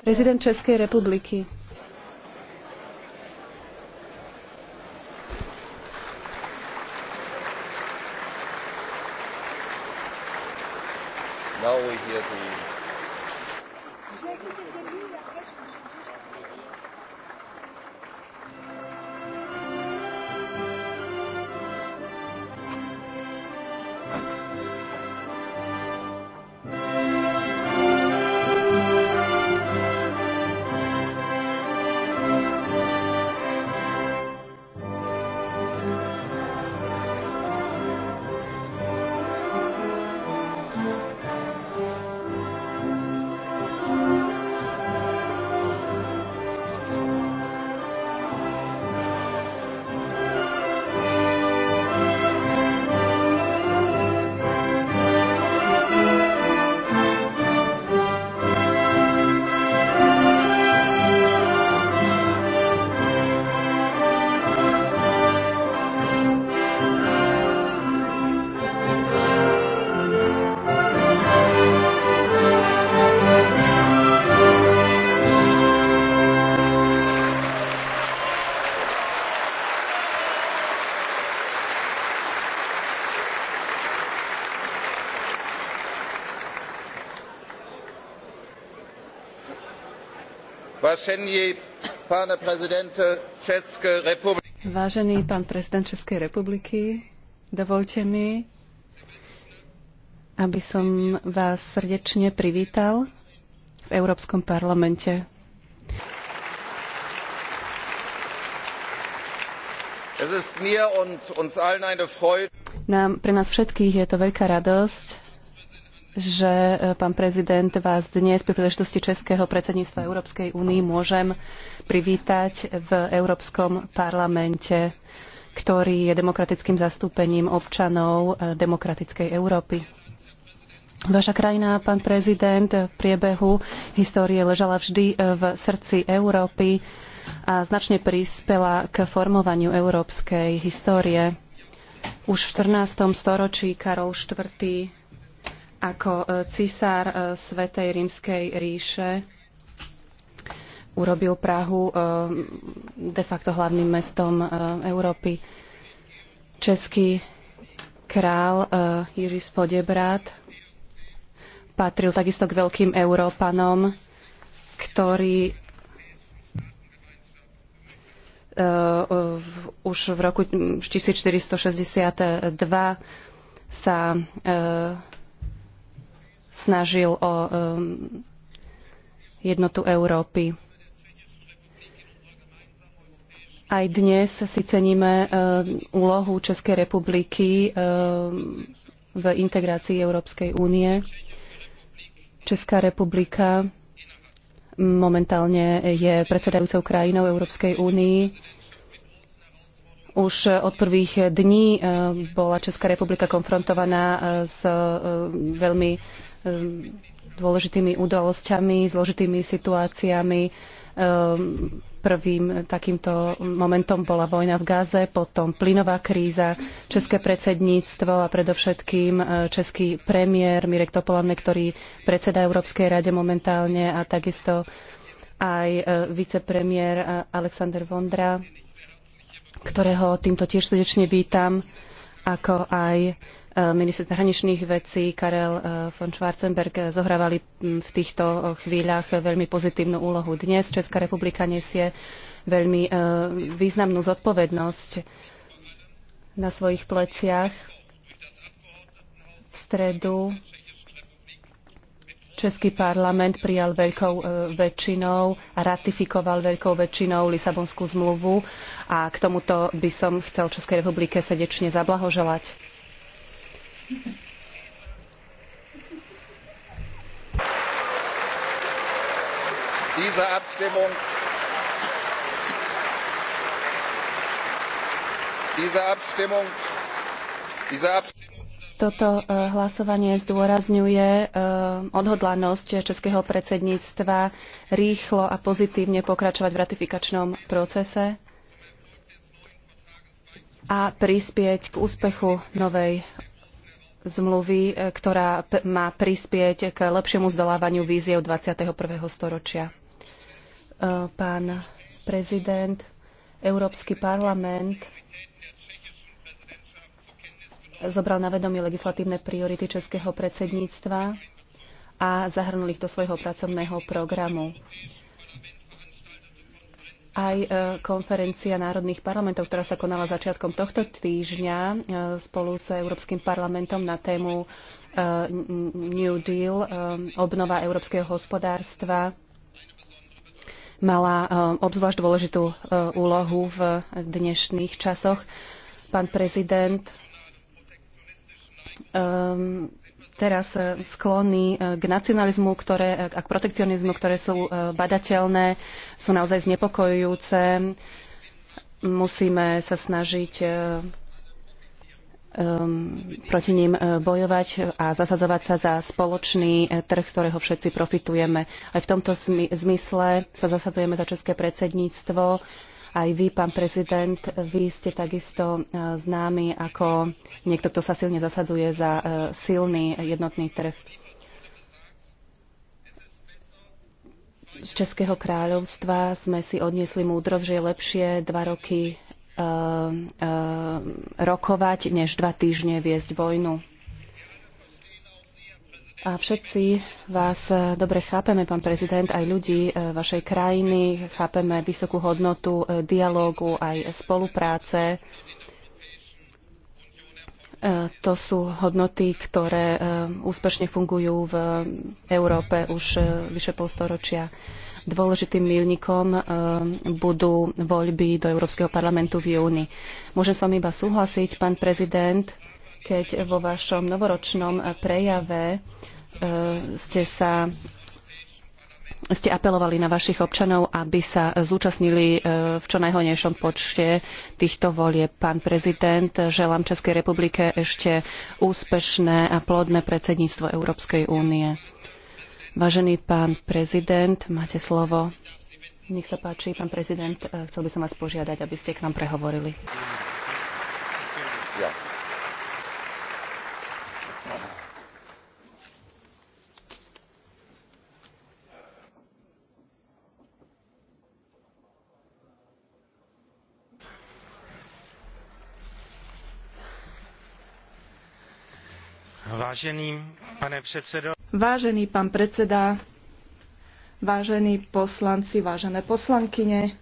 Prezident Českej republiky. Now we hear the Vážený pán prezident Českej republiky, dovoľte mi, aby som vás srdečne privítal v Európskom parlamente. Nám, pre nás všetkých je to veľká radosť, že e, pán prezident vás dnes pri príležitosti Českého predsedníctva Európskej únii môžem privítať v Európskom parlamente, ktorý je demokratickým zastúpením občanov e, demokratickej Európy. Vaša krajina, pán prezident, v priebehu histórie ležala vždy e, v srdci Európy a značne prispela k formovaniu európskej histórie. Už v 14. storočí Karol IV ako e, cisár e, Svetej rímskej ríše urobil Prahu e, de facto hlavným mestom Európy. Český král Jiří Spodebrat patril takisto k veľkým Európanom, ktorí už v roku 1462 sa snažil o um, jednotu Európy. Aj dnes si ceníme um, úlohu Českej republiky um, v integrácii Európskej únie. Česká republika momentálne je predsedajúcou krajinou Európskej únii. Už od prvých dní bola Česká republika konfrontovaná uh, s veľmi Ehm, dôležitými udalosťami, zložitými situáciami. Ehm, prvým takýmto momentom bola vojna v Gaze, potom plynová kríza, české predsedníctvo a predovšetkým e, český premiér Mirek Topolanne, ktorý predseda Európskej rade momentálne a takisto aj e, vicepremiér e, Alexander Vondra, ktorého týmto tiež srdečne vítam, ako aj Eh, minister zahraničných vecí Karel eh, von Schwarzenberg eh, zohrávali mm, v týchto chvíľach veľmi pozitívnu úlohu. Dnes Česká republika nesie veľmi významnú zodpovednosť na svojich pleciach. V stredu Český parlament prijal veľkou väčšinou a ratifikoval veľkou väčšinou Lisabonskú zmluvu a k tomuto by som chcel Českej republike srdečne zablahoželať. Diese Abstimmung Diese Abstimmung Diese Abstimmung toto e, hlasovanie zdôrazňuje e, odhodlanosť českého predsedníctva rýchlo a pozitívne pokračovať v ratifikačnom procese a prispieť k úspechu novej zmluvy, e, ktorá má prispieť k lepšiemu vzdelávaniu víziev 21. storočia. E, pán prezident, Európsky parlament zobral na vedomie legislatívne priority českého predsedníctva a zahrnul ich do svojho pracovného programu aj e, konferencia národných parlamentov, ktorá sa konala začiatkom tohto týždňa e, spolu s Európskym parlamentom na tému e, New Deal, obnova európskeho hospodárstva, mala obzvlášť dôležitú úlohu v dnešných časoch. Pán prezident, teraz e, sklony e, k nacionalizmu, ktoré, e, a k protekcionizmu, ktoré sú badateľné, sú naozaj znepokojujúce. Musíme sa snažiť proti ním bojovať a zasadzovať sa za spoločný trh, z ktorého všetci profitujeme. Aj v tomto zmysle sa zasadzujeme za české predsedníctvo aj vy, pán prezident, vy ste takisto e, známi ako niekto, kto sa silne zasadzuje za e, silný jednotný trh. Z Českého kráľovstva sme si odniesli múdrosť, že je lepšie dva roky e, rokovať, než dva týždne viesť vojnu. A všetci vás eh, dobre chápeme, pán prezident, aj ľudí eh, vašej krajiny, chápeme vysokú hodnotu eh, dialógu aj spolupráce. To sú hodnoty, ktoré úspešne fungujú v Európe už vyše polstoročia. Dôležitým milníkom budú voľby do Európskeho parlamentu v júni. Môžem s vami iba súhlasiť, pán prezident keď vo vašom novoročnom prejave e, ste sa ste apelovali na vašich občanov, aby sa zúčastnili e, v čo najhonejšom počte týchto volie. Pán prezident, želám Českej republike ešte úspešné a plodné predsedníctvo Európskej únie. Vážený pán prezident, máte slovo. Nech sa páči, pán prezident, e, chcel by som vás požiadať, aby ste k nám prehovorili. Ja. Vážený, pane predsedo. Vážený pán predseda, vážení poslanci, vážené poslankyne,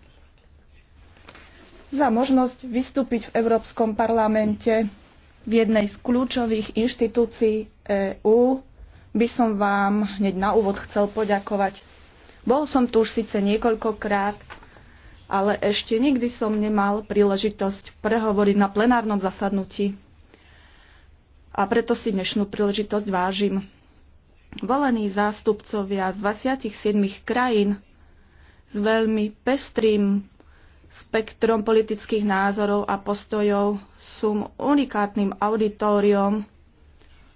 za možnosť vystúpiť v Európskom parlamente v jednej z kľúčových inštitúcií EÚ by som vám hneď na úvod chcel poďakovať. Bol som tu už síce niekoľkokrát, ale ešte nikdy som nemal príležitosť prehovoriť na plenárnom zasadnutí a preto si dnešnú príležitosť vážim. Volení zástupcovia z 27 krajín s veľmi pestrým spektrom politických názorov a postojov sú unikátnym auditóriom,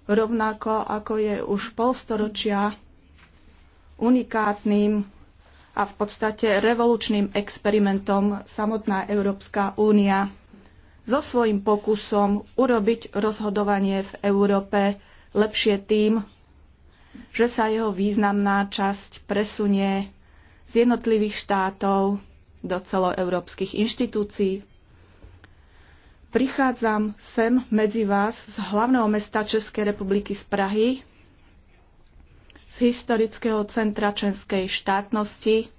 rovnako ako je už polstoročia unikátnym a v podstate revolučným experimentom samotná Európska únia so svojím pokusom urobiť rozhodovanie v Európe lepšie tým, že sa jeho významná časť presunie z jednotlivých štátov do celoeurópskych inštitúcií. Prichádzam sem medzi vás z hlavného mesta Českej republiky z Prahy, z historického centra českej štátnosti,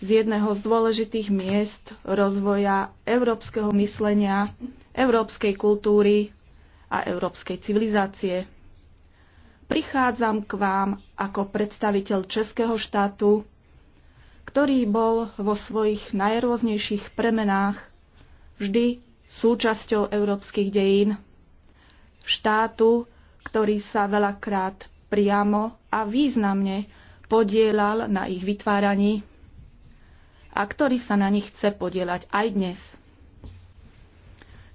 z jedného z dôležitých miest rozvoja európskeho myslenia, európskej kultúry a európskej civilizácie. Prichádzam k vám ako predstaviteľ Českého štátu, ktorý bol vo svojich najrôznejších premenách vždy súčasťou európskych dejín. Štátu, ktorý sa veľakrát priamo a významne podielal na ich vytváraní a ktorý sa na nich chce podielať aj dnes.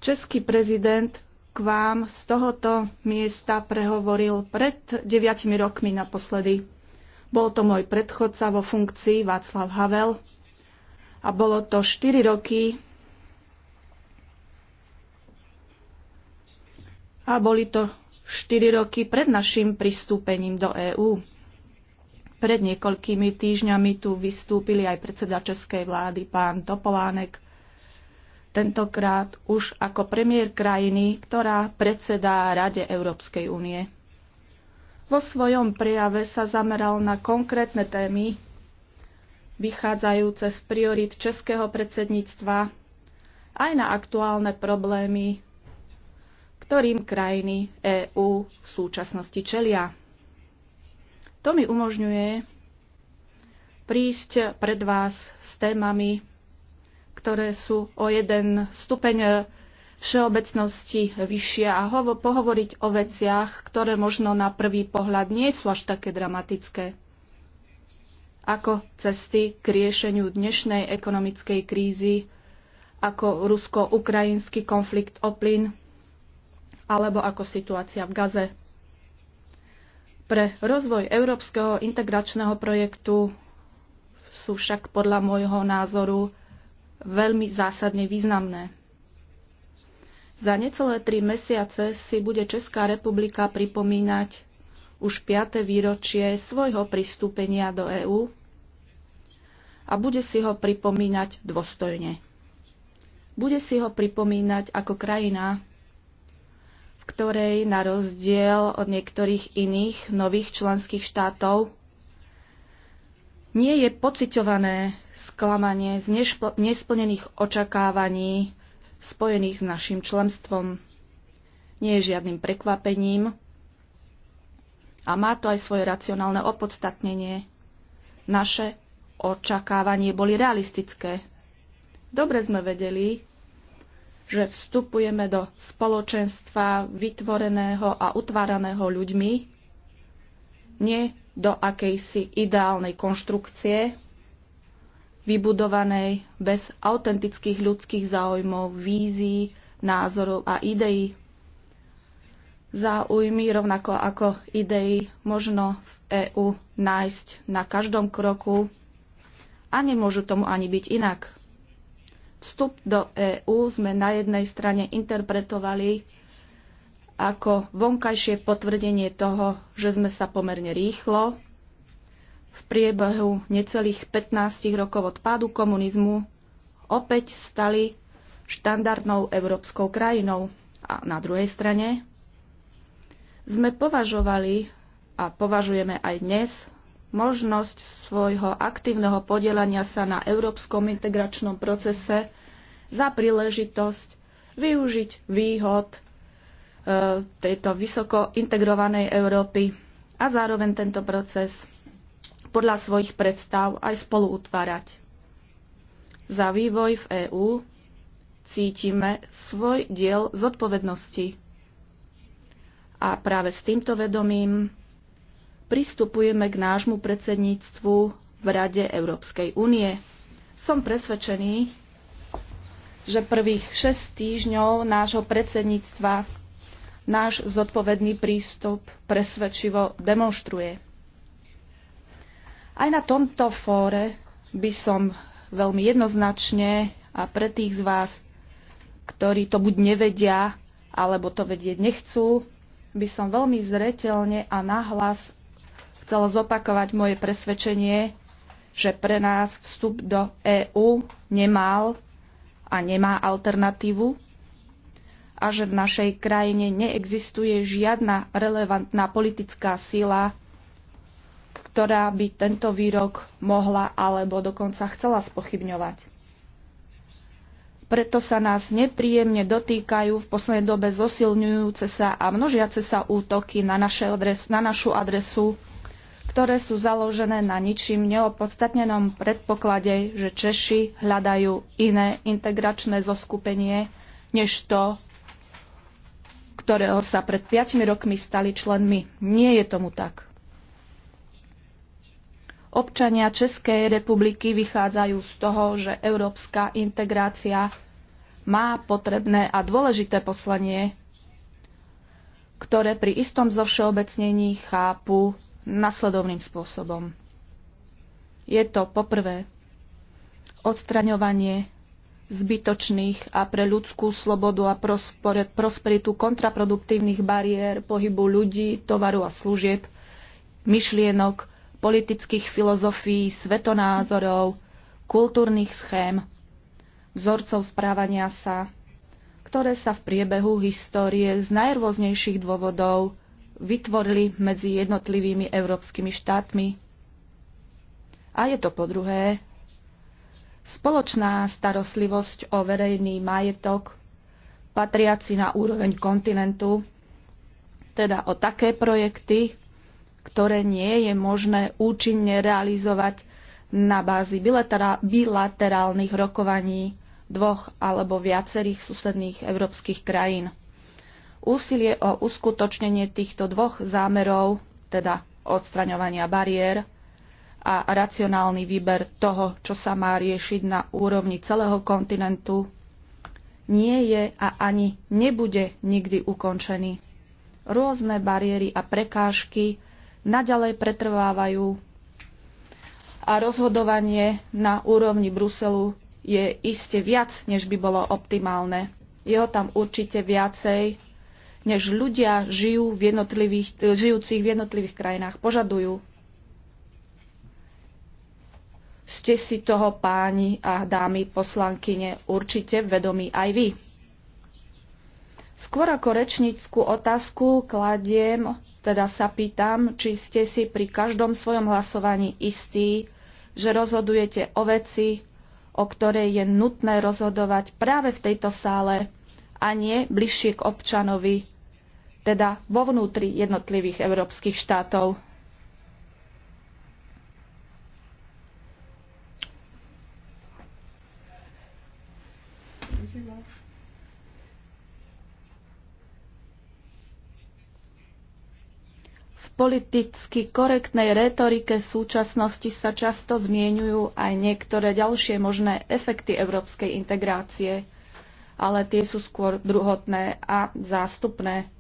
Český prezident k vám z tohoto miesta prehovoril pred 9 rokmi naposledy. Bol to môj predchodca vo funkcii Václav Havel a bolo to 4 roky a boli to 4 roky pred našim pristúpením do EÚ. Pred niekoľkými týždňami tu vystúpili aj predseda českej vlády pán Topolánek, tentokrát už ako premiér krajiny, ktorá predsedá Rade Európskej únie. Vo svojom prejave sa zameral na konkrétne témy, vychádzajúce z priorit českého predsedníctva, aj na aktuálne problémy, ktorým krajiny EÚ v súčasnosti čelia. To mi umožňuje prísť pred vás s témami, ktoré sú o jeden stupeň všeobecnosti vyššie a hovo- pohovoriť o veciach, ktoré možno na prvý pohľad nie sú až také dramatické ako cesty k riešeniu dnešnej ekonomickej krízy, ako rusko-ukrajinský konflikt o plyn, alebo ako situácia v Gaze. Pre rozvoj európskeho integračného projektu sú však podľa môjho názoru veľmi zásadne významné. Za necelé tri mesiace si bude Česká republika pripomínať už 5. výročie svojho pristúpenia do EÚ a bude si ho pripomínať dôstojne. Bude si ho pripomínať ako krajina, ktorej na rozdiel od niektorých iných nových členských štátov nie je pociťované sklamanie z nesplnených očakávaní spojených s našim členstvom. Nie je žiadnym prekvapením a má to aj svoje racionálne opodstatnenie. Naše očakávanie boli realistické. Dobre sme vedeli, že vstupujeme do spoločenstva vytvoreného a utváraného ľuďmi, nie do akejsi ideálnej konštrukcie, vybudovanej bez autentických ľudských záujmov, vízií, názorov a ideí. Záujmy rovnako ako idei možno v EÚ nájsť na každom kroku a nemôžu tomu ani byť inak vstup do EÚ sme na jednej strane interpretovali ako vonkajšie potvrdenie toho, že sme sa pomerne rýchlo v priebehu necelých 15 rokov od pádu komunizmu opäť stali štandardnou európskou krajinou. A na druhej strane sme považovali a považujeme aj dnes možnosť svojho aktívneho podielania sa na európskom integračnom procese za príležitosť využiť výhod e, tejto vysoko integrovanej Európy a zároveň tento proces podľa svojich predstav aj spolu utvárať. Za vývoj v EÚ cítime svoj diel zodpovednosti. A práve s týmto vedomím pristupujeme k nášmu predsedníctvu v Rade Európskej únie. Som presvedčený, že prvých 6 týždňov nášho predsedníctva náš zodpovedný prístup presvedčivo demonstruje. Aj na tomto fóre by som veľmi jednoznačne a pre tých z vás, ktorí to buď nevedia, alebo to vedieť nechcú, by som veľmi zretelne a nahlas chcelo zopakovať moje presvedčenie, že pre nás vstup do EÚ nemal a nemá alternatívu a že v našej krajine neexistuje žiadna relevantná politická sila, ktorá by tento výrok mohla alebo dokonca chcela spochybňovať. Preto sa nás nepríjemne dotýkajú v poslednej dobe zosilňujúce sa a množiace sa útoky na, naše adres, na našu adresu ktoré sú založené na ničím neopodstatnenom predpoklade, že Češi hľadajú iné integračné zoskupenie, než to, ktorého sa pred 5 rokmi stali členmi. Nie je tomu tak. Občania Českej republiky vychádzajú z toho, že európska integrácia má potrebné a dôležité poslanie, ktoré pri istom zovšeobecnení chápu nasledovným spôsobom. Je to poprvé odstraňovanie zbytočných a pre ľudskú slobodu a prosperitu kontraproduktívnych bariér pohybu ľudí, tovaru a služieb, myšlienok, politických filozofií, svetonázorov, kultúrnych schém, vzorcov správania sa, ktoré sa v priebehu histórie z najrôznejších dôvodov vytvorili medzi jednotlivými európskymi štátmi. A je to po druhé spoločná starostlivosť o verejný majetok patriaci na úroveň kontinentu, teda o také projekty, ktoré nie je možné účinne realizovať na bázi bilaterálnych rokovaní dvoch alebo viacerých susedných európskych krajín úsilie o uskutočnenie týchto dvoch zámerov, teda odstraňovania bariér a racionálny výber toho, čo sa má riešiť na úrovni celého kontinentu, nie je a ani nebude nikdy ukončený. Rôzne bariéry a prekážky naďalej pretrvávajú a rozhodovanie na úrovni Bruselu je iste viac, než by bolo optimálne. Je ho tam určite viacej než ľudia žijú v jednotlivých, eh, žijúcich v jednotlivých krajinách požadujú. Ste si toho páni a dámy poslankyne určite vedomí aj vy. Skôr ako rečníckú otázku kladiem, teda sa pýtam, či ste si pri každom svojom hlasovaní istí, že rozhodujete o veci, o ktorej je nutné rozhodovať práve v tejto sále a nie bližšie k občanovi, teda vo vnútri jednotlivých európskych štátov. politicky korektnej retorike súčasnosti sa často zmieňujú aj niektoré ďalšie možné efekty európskej integrácie, ale tie sú skôr druhotné a zástupné.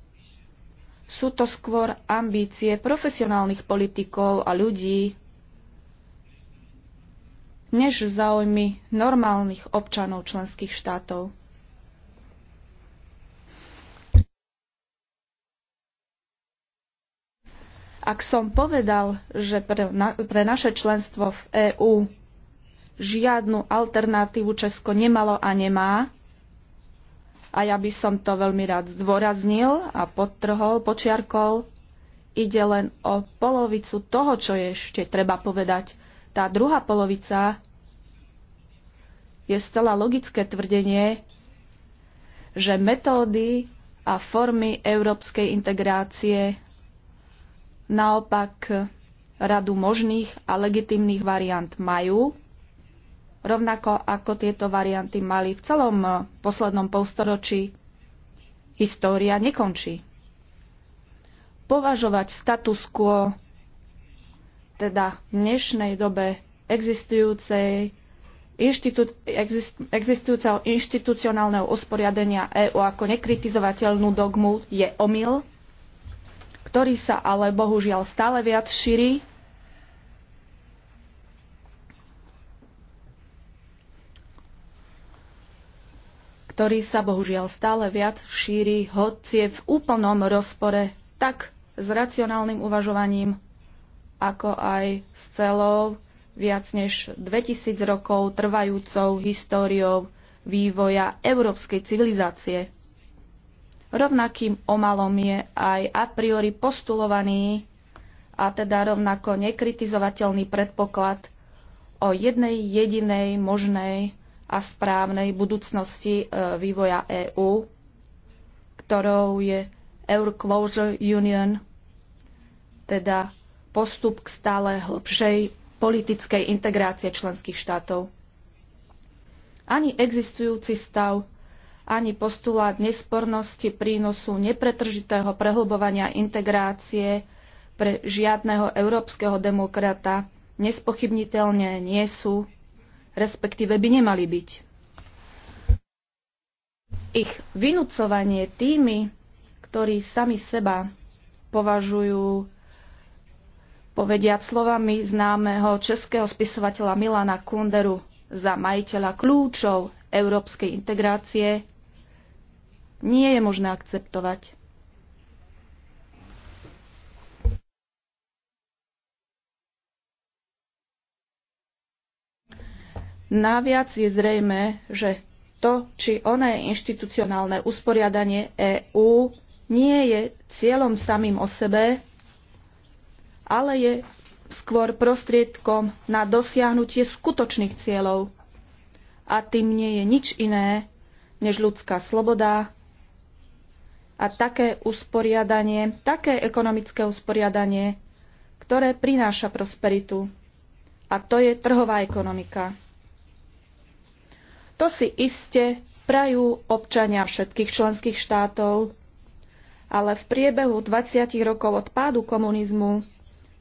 Sú to skôr ambície profesionálnych politikov a ľudí, než záujmy normálnych občanov členských štátov. Ak som povedal, že pre, na, pre naše členstvo v EÚ žiadnu alternatívu Česko nemalo a nemá, a ja by som to veľmi rád zdôraznil a podtrhol, počiarkol. Ide len o polovicu toho, čo je ešte treba povedať. Tá druhá polovica je zcela logické tvrdenie, že metódy a formy európskej integrácie naopak radu možných a legitimných variant majú rovnako ako tieto varianty mali v celom eh, poslednom polstoročí. História nekončí. Považovať status quo, teda v dnešnej dobe existujúcej exist, existujúceho inštitucionálneho usporiadenia EÚ ako nekritizovateľnú dogmu je omyl, ktorý sa ale bohužiaľ stále viac šíri ktorý sa bohužiaľ stále viac šíri, hoci je v úplnom rozpore tak s racionálnym uvažovaním, ako aj s celou viac než 2000 rokov trvajúcou históriou vývoja európskej civilizácie. Rovnakým omalom je aj a priori postulovaný a teda rovnako nekritizovateľný predpoklad o jednej jedinej možnej a správnej budúcnosti e, vývoja EÚ, ktorou je Euroclosure Union, teda postup k stále hlbšej politickej integrácie členských štátov. Ani existujúci stav, ani postulát nespornosti prínosu nepretržitého prehlbovania integrácie pre žiadneho európskeho demokrata nespochybniteľne nie sú respektíve by nemali byť. Ich vynúcovanie tými, ktorí sami seba považujú povediať slovami známeho českého spisovateľa Milana Kunderu za majiteľa kľúčov európskej integrácie, nie je možné akceptovať. Naviac je zrejme, že to či oné inštitucionálne usporiadanie EÚ nie je cieľom samým o sebe, ale je skôr prostriedkom na dosiahnutie skutočných cieľov. A tým nie je nič iné než ľudská sloboda a také usporiadanie, také ekonomické usporiadanie, ktoré prináša prosperitu. A to je trhová ekonomika. To si iste prajú občania všetkých členských štátov. Ale v priebehu 20 rokov od pádu komunizmu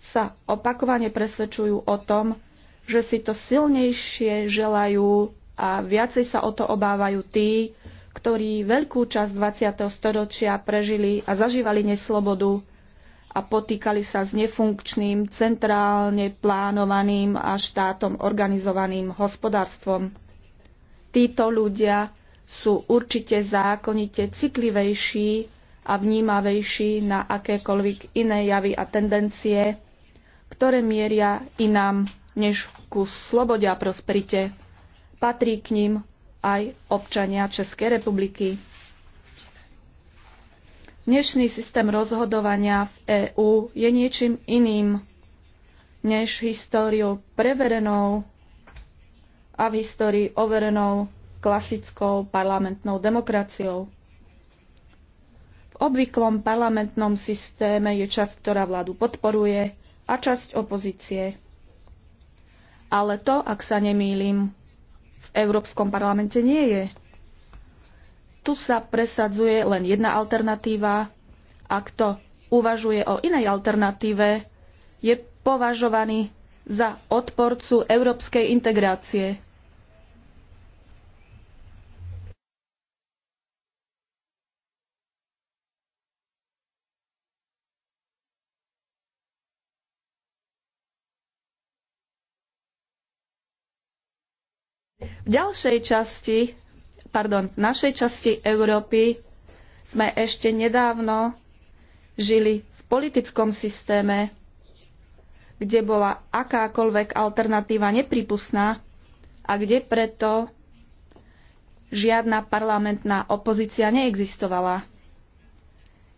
sa opakovane presvedčujú o tom, že si to silnejšie želajú a viacej sa o to obávajú tí, ktorí veľkú časť 20. storočia prežili a zažívali neslobodu a potýkali sa s nefunkčným, centrálne plánovaným a štátom organizovaným hospodárstvom. Títo ľudia sú určite zákonite citlivejší a vnímavejší na akékoľvek iné javy a tendencie, ktoré mieria inám než ku slobode a prosperite. Patrí k ním aj občania Českej republiky. Dnešný systém rozhodovania v EÚ je niečím iným než históriou preverenou a v histórii overenou klasickou parlamentnou demokraciou. V obvyklom parlamentnom systéme je časť, ktorá vládu podporuje a časť opozície. Ale to, ak sa nemýlim, v Európskom parlamente nie je. Tu sa presadzuje len jedna alternatíva a kto uvažuje o inej alternatíve, je považovaný za odporcu európskej integrácie. V ďalšej časti, pardon, v našej časti Európy sme ešte nedávno žili v politickom systéme, kde bola akákoľvek alternatíva nepripustná a kde preto žiadna parlamentná opozícia neexistovala.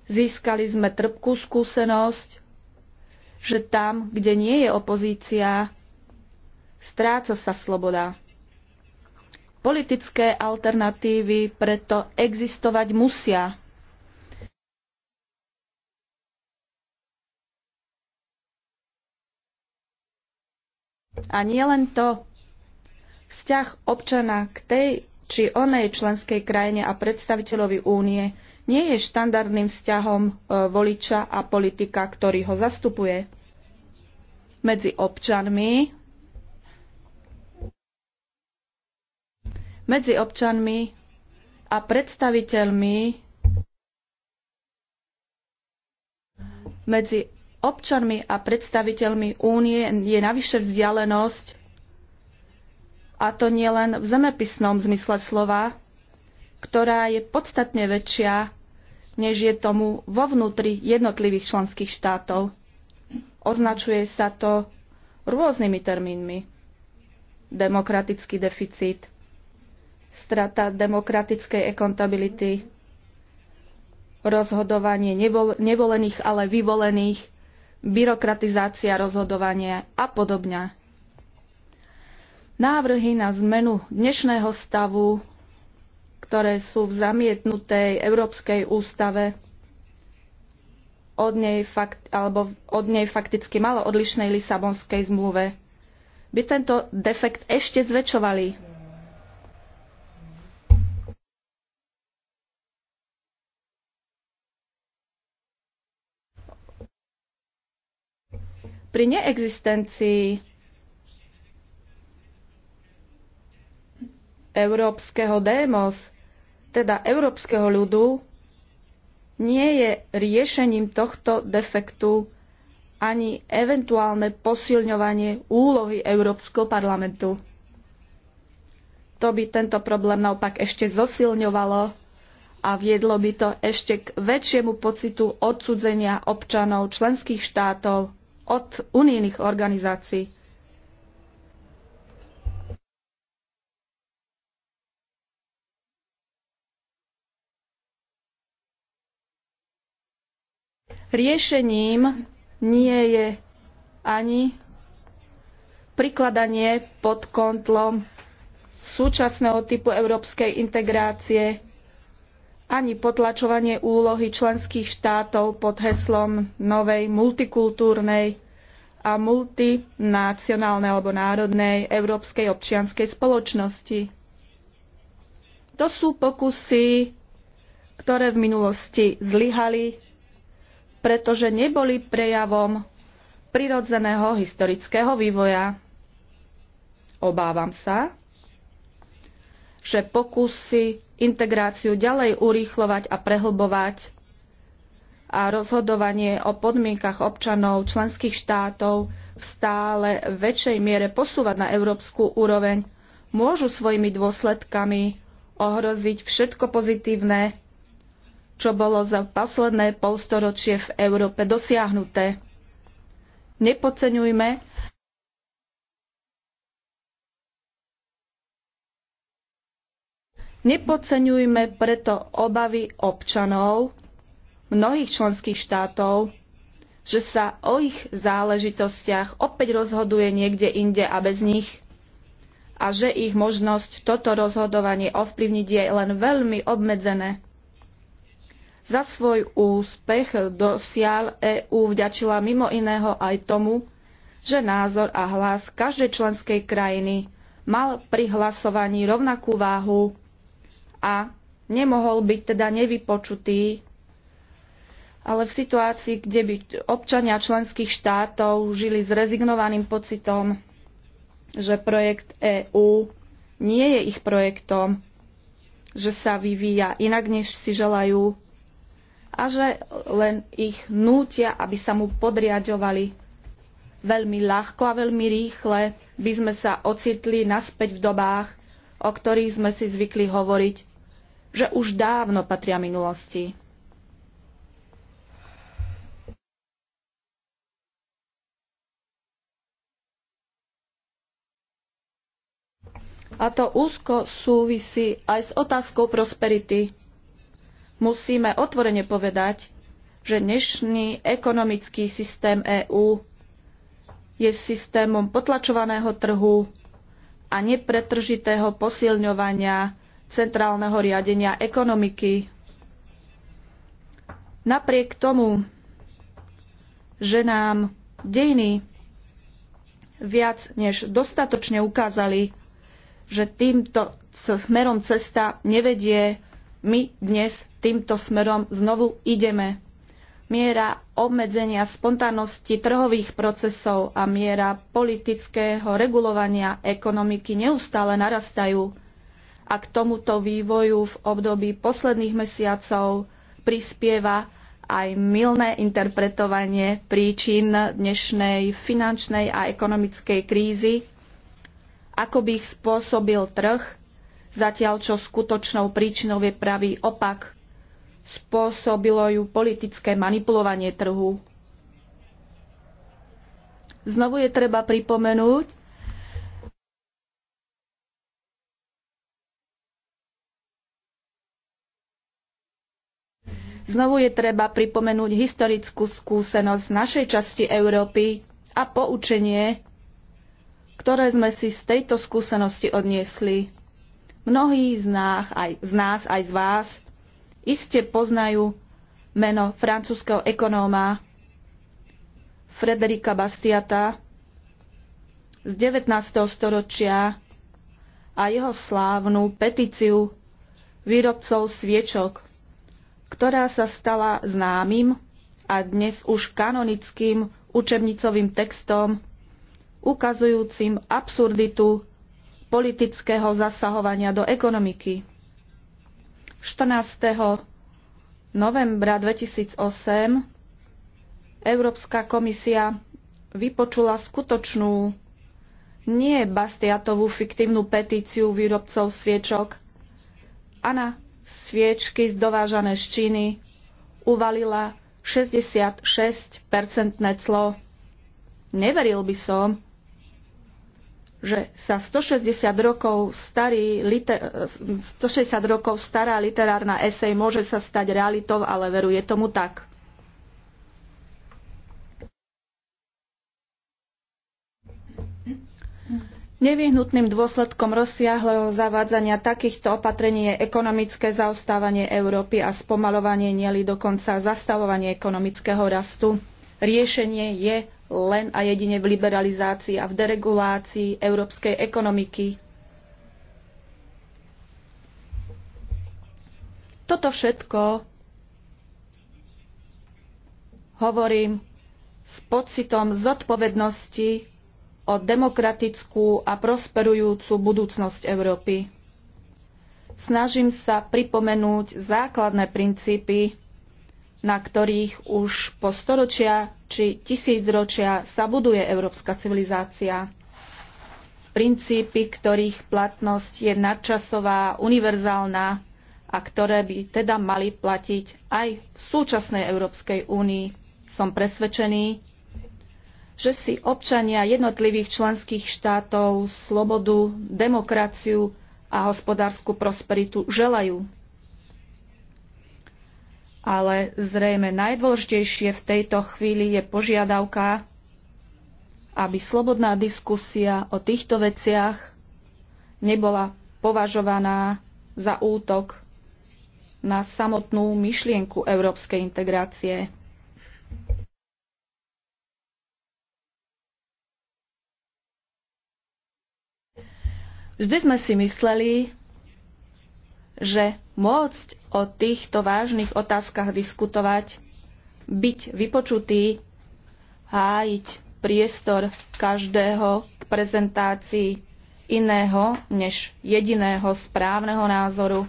Získali sme trpkú skúsenosť, že tam, kde nie je opozícia, stráca sa sloboda. Politické alternatívy preto existovať musia A nie len to, vzťah občana k tej či onej členskej krajine a predstaviteľovi únie nie je štandardným vzťahom e, voliča a politika, ktorý ho zastupuje. Medzi občanmi medzi občanmi a predstaviteľmi medzi občanmi a predstaviteľmi únie je navyše vzdialenosť, a to nielen v zemepisnom zmysle slova, ktorá je podstatne väčšia, než je tomu vo vnútri jednotlivých členských štátov. Označuje sa to rôznymi termínmi. Demokratický deficit, strata demokratickej ekontability, rozhodovanie nevolených, ale vyvolených, byrokratizácia rozhodovania a podobne. Návrhy na zmenu dnešného stavu, ktoré sú v zamietnutej Európskej ústave, od nej, fakt, alebo od nej fakticky malo odlišnej Lisabonskej zmluve, by tento defekt ešte zväčšovali. pri neexistencii európskeho démos, teda európskeho ľudu, nie je riešením tohto defektu ani eventuálne posilňovanie úlohy Európskeho parlamentu. To by tento problém naopak ešte zosilňovalo a viedlo by to ešte k väčšiemu pocitu odsudzenia občanov členských štátov od unijných organizácií. Riešením nie je ani prikladanie pod kontlom súčasného typu európskej integrácie ani potlačovanie úlohy členských štátov pod heslom novej multikultúrnej a multinacionálnej alebo národnej európskej občianskej spoločnosti. To sú pokusy, ktoré v minulosti zlyhali, pretože neboli prejavom prirodzeného historického vývoja. Obávam sa, že pokusy integráciu ďalej urýchlovať a prehlbovať a rozhodovanie o podmienkach občanov členských štátov v stále väčšej miere posúvať na európsku úroveň, môžu svojimi dôsledkami ohroziť všetko pozitívne, čo bolo za posledné polstoročie v Európe dosiahnuté. Nepodceňujme, Nepodceňujme preto obavy občanov mnohých členských štátov, že sa o ich záležitostiach opäť rozhoduje niekde inde a bez nich a že ich možnosť toto rozhodovanie ovplyvniť je len veľmi obmedzené. Za svoj úspech dosial EÚ vďačila mimo iného aj tomu, že názor a hlas každej členskej krajiny mal pri hlasovaní rovnakú váhu a nemohol byť teda nevypočutý, ale v situácii, kde by občania členských štátov žili s rezignovaným pocitom, že projekt EÚ nie je ich projektom, že sa vyvíja inak, než si želajú a že len ich nútia, aby sa mu podriadovali. Veľmi ľahko a veľmi rýchle by sme sa ocitli naspäť v dobách, o ktorých sme si zvykli hovoriť že už dávno patria minulosti. A to úzko súvisí aj s otázkou prosperity. Musíme otvorene povedať, že dnešný ekonomický systém EÚ je systémom potlačovaného trhu a nepretržitého posilňovania centrálneho riadenia ekonomiky. Napriek tomu, že nám dejiny viac než dostatočne ukázali, že týmto smerom cesta nevedie, my dnes týmto smerom znovu ideme. Miera obmedzenia spontánnosti trhových procesov a miera politického regulovania ekonomiky neustále narastajú a k tomuto vývoju v období posledných mesiacov prispieva aj mylné interpretovanie príčin dnešnej finančnej a ekonomickej krízy, ako by ich spôsobil trh, zatiaľ čo skutočnou príčinou je pravý opak. Spôsobilo ju politické manipulovanie trhu. Znovu je treba pripomenúť, Znovu je treba pripomenúť historickú skúsenosť našej časti Európy a poučenie, ktoré sme si z tejto skúsenosti odniesli. Mnohí z nás, aj z, nás, aj z vás, iste poznajú meno francúzského ekonóma Frederika Bastiata z 19. storočia a jeho slávnu petíciu výrobcov sviečok ktorá sa stala známym a dnes už kanonickým učebnicovým textom, ukazujúcim absurditu politického zasahovania do ekonomiky. 14. novembra 2008 Európska komisia vypočula skutočnú, nie Bastiatovú fiktívnu petíciu výrobcov sviečok a na sviečky dovážané z Číny uvalila 66-percentné clo. Neveril by som, že sa 160 rokov, starý, 160 rokov stará literárna esej môže sa stať realitou, ale veru je tomu tak. Nevyhnutným dôsledkom rozsiahleho zavádzania takýchto opatrení je ekonomické zaostávanie Európy a spomalovanie nieli dokonca zastavovanie ekonomického rastu. Riešenie je len a jedine v liberalizácii a v deregulácii európskej ekonomiky. Toto všetko hovorím s pocitom zodpovednosti o demokratickú a prosperujúcu budúcnosť Európy. Snažím sa pripomenúť základné princípy, na ktorých už po storočia či tisícročia sa buduje európska civilizácia. Princípy, ktorých platnosť je nadčasová, univerzálna a ktoré by teda mali platiť aj v súčasnej Európskej únii. Som presvedčený, že si občania jednotlivých členských štátov slobodu, demokraciu a hospodárskú prosperitu želajú. Ale zrejme najdôležitejšie v tejto chvíli je požiadavka, aby slobodná diskusia o týchto veciach nebola považovaná za útok na samotnú myšlienku európskej integrácie. Vždy sme si mysleli, že môcť o týchto vážnych otázkach diskutovať, byť vypočutý, hájiť priestor každého k prezentácii iného než jediného správneho názoru,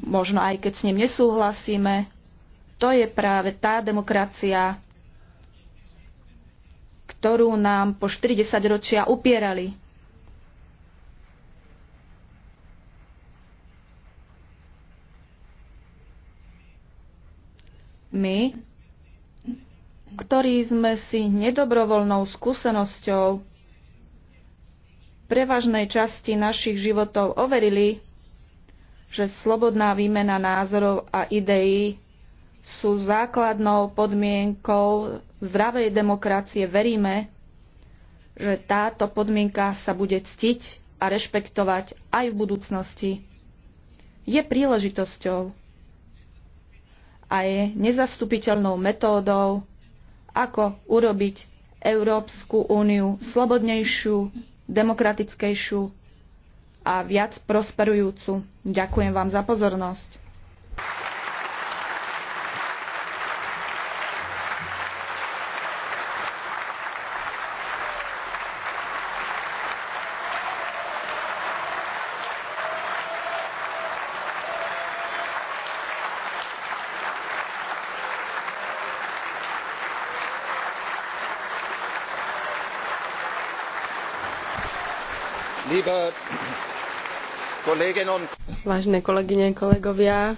možno aj keď s ním nesúhlasíme, to je práve tá demokracia, ktorú nám po 40 ročia upierali. my, ktorí sme si nedobrovoľnou skúsenosťou prevažnej časti našich životov overili, že slobodná výmena názorov a ideí sú základnou podmienkou zdravej demokracie, veríme, že táto podmienka sa bude ctiť a rešpektovať aj v budúcnosti. Je príležitosťou a je nezastupiteľnou metódou, ako urobiť Európsku úniu slobodnejšiu, demokratickejšiu a viac prosperujúcu. Ďakujem vám za pozornosť. Vážne kolegyne, kolegovia,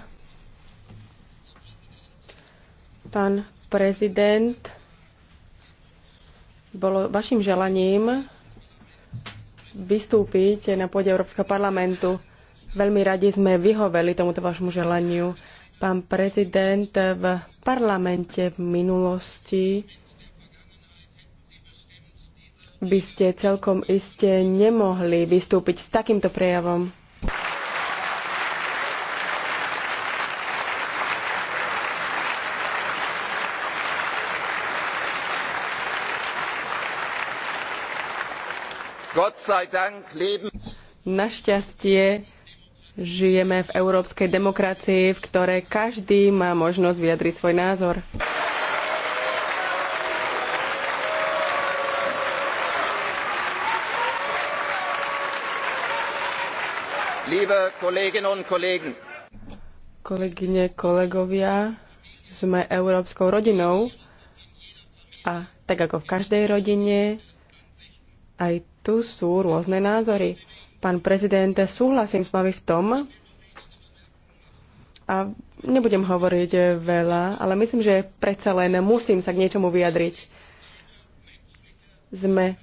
pán prezident, bolo vašim želaním vystúpiť na pôde Európskeho parlamentu. Veľmi radi sme vyhoveli tomuto vašmu želaniu. Pán prezident, v parlamente v minulosti by ste celkom iste nemohli vystúpiť s takýmto prejavom. Našťastie žijeme v európskej demokracii, v ktorej každý má možnosť vyjadriť svoj názor. Liebe Kolleginnen und Kollegen, kolegyne, kolegovia, sme európskou rodinou a tak ako v každej rodine, aj tu sú rôzne názory. Pán prezident, súhlasím s vami v tom, a nebudem hovoriť veľa, ale myslím, že predsa len musím sa k niečomu vyjadriť. Sme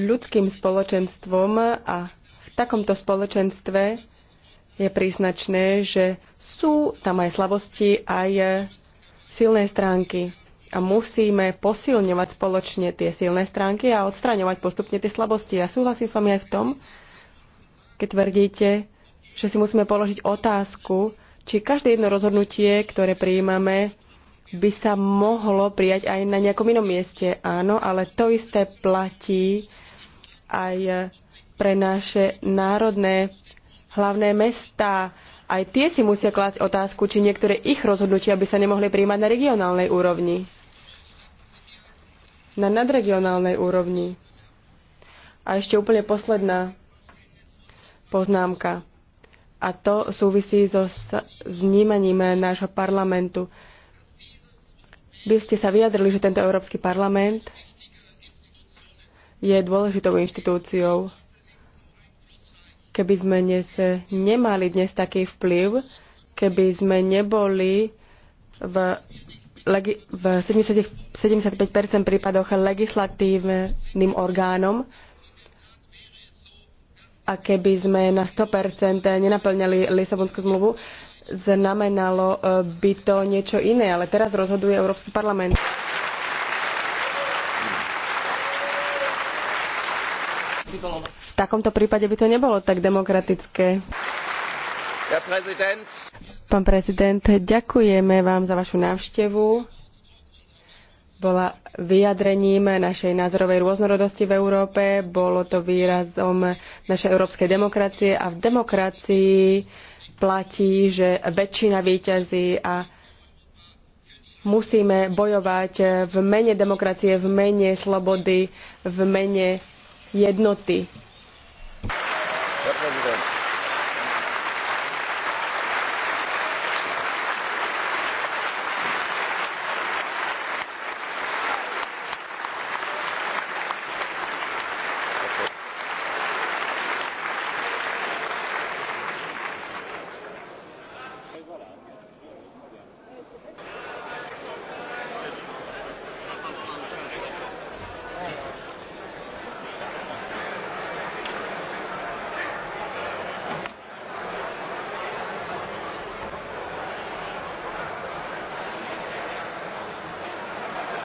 ľudským spoločenstvom a v takomto spoločenstve je príznačné, že sú tam aj slabosti, aj silné stránky a musíme posilňovať spoločne tie silné stránky a odstraňovať postupne tie slabosti. Ja súhlasím s vami aj v tom, keď tvrdíte, že si musíme položiť otázku, či každé jedno rozhodnutie, ktoré prijímame, by sa mohlo prijať aj na nejakom inom mieste. Áno, ale to isté platí aj pre naše národné hlavné mestá. Aj tie si musia klásť otázku, či niektoré ich rozhodnutia by sa nemohli prijímať na regionálnej úrovni na nadregionálnej úrovni. A ešte úplne posledná poznámka. A to súvisí so vnímaním nášho parlamentu. Vy ste sa vyjadrili, že tento Európsky parlament je dôležitou inštitúciou. Keby sme dnes nemali dnes taký vplyv, keby sme neboli v, v 75 prípadoch legislatívnym orgánom a keby sme na 100% nenaplňali Lisabonskú zmluvu, znamenalo e, by to niečo iné, ale teraz rozhoduje Európsky parlament. V takomto prípade by to nebolo tak demokratické. Pán prezident, ďakujeme vám za vašu návštevu bola vyjadrením našej názorovej rôznorodosti v Európe, bolo to výrazom našej európskej demokracie a v demokracii platí, že väčšina výťazí a musíme bojovať v mene demokracie, v mene slobody, v mene jednoty.